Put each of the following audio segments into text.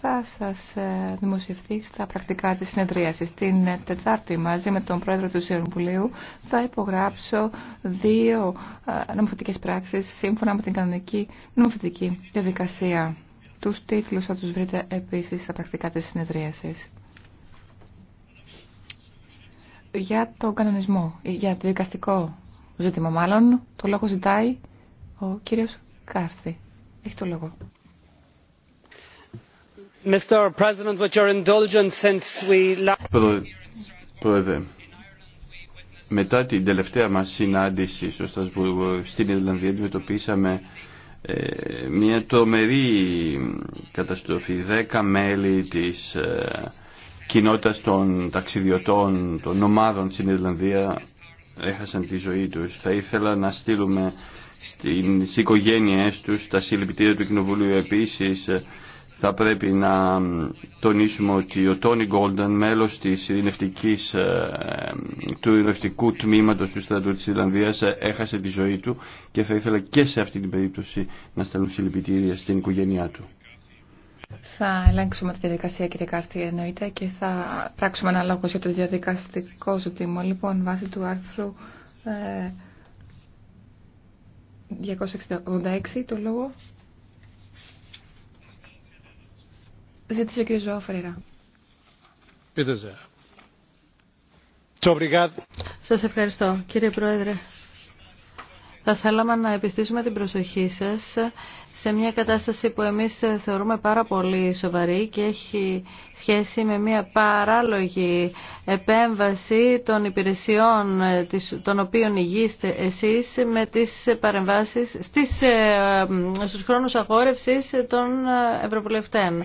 θα σας ε, δημοσιευθεί στα πρακτικά της συνεδρίασης. Την ε, Τετάρτη μαζί με τον Πρόεδρο του Συνομπουλίου, θα υπογράψω δύο ε, νομοθετικές πράξεις σύμφωνα με την κανονική νομοθετική διαδικασία. Τους τίτλους θα τους βρείτε επίσης στα πρακτικά της συνεδρίασης. Για το κανονισμό, για το δικαστικό ζήτημα μάλλον, το λόγο ζητάει ο κύριος Κάρθη. Έχει το λόγο. Mr. μετά την τελευταία μας συνάντηση στο στην Ιρλανδία αντιμετωπίσαμε ε, μια τρομερή καταστροφή. Δέκα μέλη της ε, κοινότητας των ταξιδιωτών, των ομάδων στην Ιρλανδία έχασαν τη ζωή τους. Θα ήθελα να στείλουμε στις οικογένειές τους τα συλληπιτήρια του Κοινοβουλίου επίσης θα πρέπει να τονίσουμε ότι ο Τόνι Γκόλνταν, μέλος της ειρηνευτικής, ε, του ειρηνευτικού τμήματος του στρατού της Ιρλανδίας, ε, έχασε τη ζωή του και θα ήθελα και σε αυτή την περίπτωση να στέλνουν συλληπιτήρια στην οικογένειά του. Θα ελέγξουμε τη διαδικασία, κύριε Κάρτη, εννοείται, και θα πράξουμε ένα για το διαδικαστικό ζήτημα Λοιπόν, βάσει του άρθρου ε, 286, το λόγο Ζήτησε ο κ. Σας ευχαριστώ κύριε Πρόεδρε. Θα θέλαμε να επιστήσουμε την προσοχή σας σε μια κατάσταση που εμείς θεωρούμε πάρα πολύ σοβαρή και έχει σχέση με μια παράλογη επέμβαση των υπηρεσιών των οποίων υγείστε εσείς με τις παρεμβάσεις στις, ε, ε, στους χρόνους αγόρευσης των ε, Ευρωβουλευτών.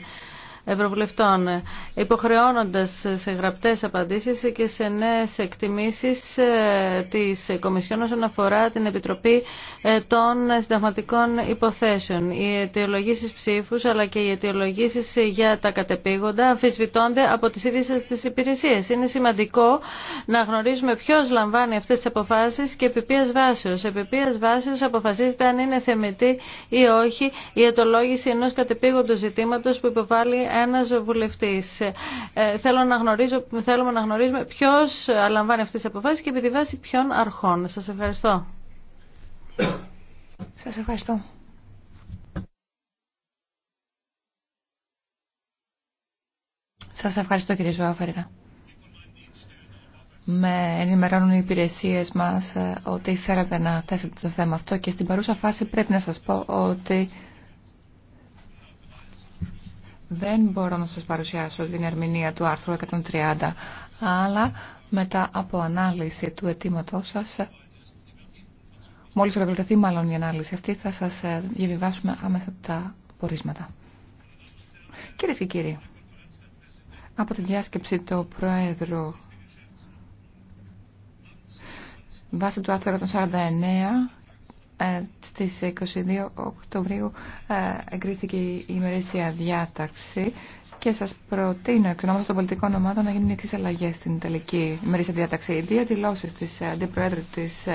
Ευρωβουλευτών, υποχρεώνοντας σε γραπτές απαντήσεις και σε νέες εκτιμήσεις ε, της Κομισιόν όσον αφορά την Επιτροπή ε, των Συνταγματικών Υποθέσεων. Οι αιτιολογήσεις ψήφους αλλά και οι αιτιολογήσεις για τα κατεπήγοντα αμφισβητώνται από τις ίδιες τις υπηρεσίες. Είναι σημαντικό να γνωρίζουμε ποιο λαμβάνει αυτές τις αποφάσεις και επί ποιας βάσεως. Επί ποιας βάσεως αποφασίζεται αν είναι θεμητή ή όχι η αιτολόγηση ενός κατεπήγοντος ζητήματος που υποβάλλει ένας βουλευτής. Ε, θέλω να γνωρίζω, θέλουμε να γνωρίζουμε ποιος λαμβάνει αυτές τις αποφάσεις και επί τη βάση ποιων αρχών. Σας ευχαριστώ. Σας ευχαριστώ. Σας ευχαριστώ κύριε Ζωάφερα. Με ενημερώνουν οι υπηρεσίες μας ε, ότι θέλετε να θέσετε το θέμα αυτό και στην παρούσα φάση πρέπει να σας πω ότι δεν μπορώ να σας παρουσιάσω την ερμηνεία του άρθρου 130, αλλά μετά από ανάλυση του αιτήματό σας, μόλις ολοκληρωθεί μάλλον η ανάλυση αυτή, θα σας ε, διαβιβάσουμε άμεσα τα πορίσματα. Κυρίε και κύριοι, από τη διάσκεψη του Προέδρου βάσει του άρθρου 149 ε, στις 22 Οκτωβρίου ε, εγκρίθηκε η ημερήσια διάταξη και σας προτείνω εξ ονόματος των πολιτικών ομάδων να γίνουν εξής αλλαγές στην τελική ημερήσια διάταξη. Οι δύο δηλώσεις της ε, Αντιπροέδρου της